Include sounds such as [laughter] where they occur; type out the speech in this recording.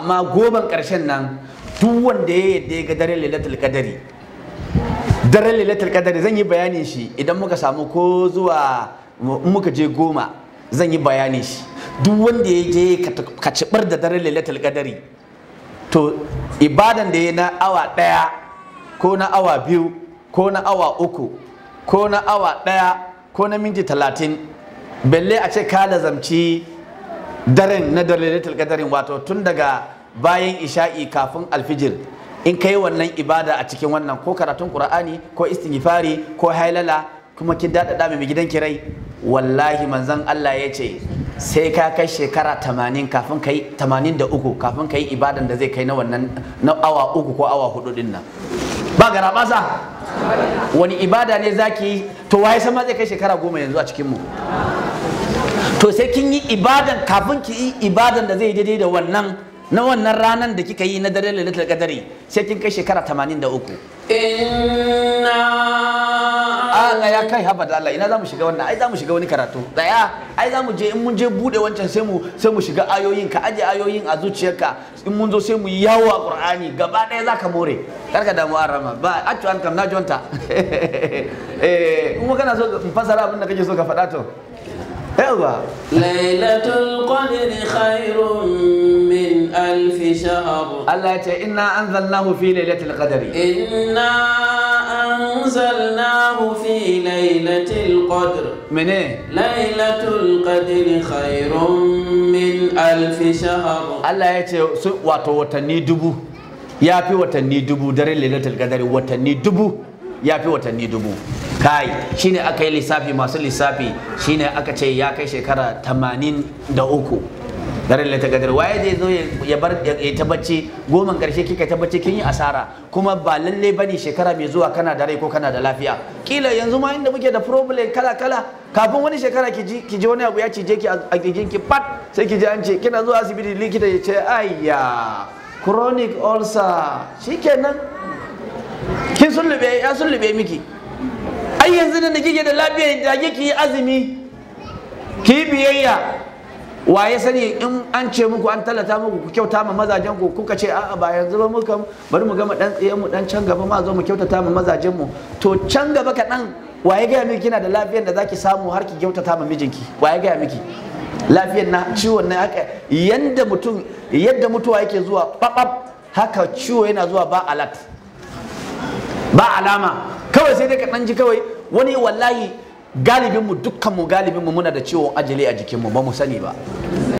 amma goban ƙarshen nan duk wanda ya yadda ya ga dare lailatul qadari daren lailatul qadari zan yi bayanin shi idan muka samu ko zuwa muka je goma zan yi bayanin shi duk wanda ya je ka da dare lailatul qadari to ibadan da ya na awa ɗaya ko na awa biyu ko na awa uku ko na awa ɗaya ko na minti talatin belle a ce ka lazamci daren na dalilatul qadarin wato tun daga bayan isha'i kafin alfijir in kai wannan ibada a cikin wannan ko karatun qur'ani ko istighfari ko hailala kuma kin daɗaɗa mai gidan kirai wallahi manzon Allah ya ce sai ka kai shekara 80 kafin kai 83 kafin kai ibadan da zai kai na wannan na awa uku ko awa hudu din nan ba gara basa wani ibada ne zaki to waye san ma zai kai shekara goma yanzu a cikin mu to sai kin yi ibadan kafin ki yi ibadan da zai daidai da wannan na wannan ranar da kika yi na dare da lailatul qadari sai kin kai shekara 83 inna Allah ya kai haba da Allah ina zamu shiga wannan ai zamu shiga wani karatu daya ai zamu je in mun je bude wancan sai mu sai mu shiga ayoyin ka aje ayoyin a zuciyarka in mun zo sai mu yawo a Qur'ani gaba daya zaka more karka damu arama ba accu an kam na jonta [laughs] eh kuma kana so in fasara abin da kake so ka faɗa to yawa lailatul qadri khairun min alf shahr Allah ya ce inna anzalnahu fi lailatul qadri inna anzalnahu fi lailatul qadr mene lailatul qadri khairun min alf shahr Allah ya ce wato watanni dubu ya fi watanni dubu dare lailatul qadri watanni dubu ya fi watanni dubu kai shine aka yi lissafi masu lissafi shine aka ce ya kai shekara 83 Garin lata gadar waye zai zo ya bar ya tabbaci goma karshe kika tabbaci kin yi asara kuma ba lalle bane shekara mai zuwa kana da rai ko kana da lafiya kila yanzu ma inda muke da problem kala kala kafin wani shekara ki ji ki ji wani abu ya cije ki a ki pat sai ki ji an ce kina zuwa asibiti likita ya ce ayya chronic ulcer shikenan kin sulube ya sulube miki ai yanzu da kike da lafiya da kike yi azumi ki biyayya wa ya sani in an ce muku an tallata muku ku kyauta ma mazajen ku kuka ce a'a ba yanzu ba muka bari mu gama dan tsayen mu dan can gaba ma zo mu kyautata ma mazajen mu to can gaba kaɗan wa ya gaya miki kina da lafiyar da zaki samu har ki kyautata ma mijinki wa ya gaya miki lafiyar na ciwon na haka yanda mutum yadda mutuwa yake zuwa babab haka ciwo yana zuwa ba alat ba alama kawai sai dai ka dan ji kawai wani wallahi galibinmu dukkanmu galibinmu muna da ciwon ajali a jikinmu ba mu sani ba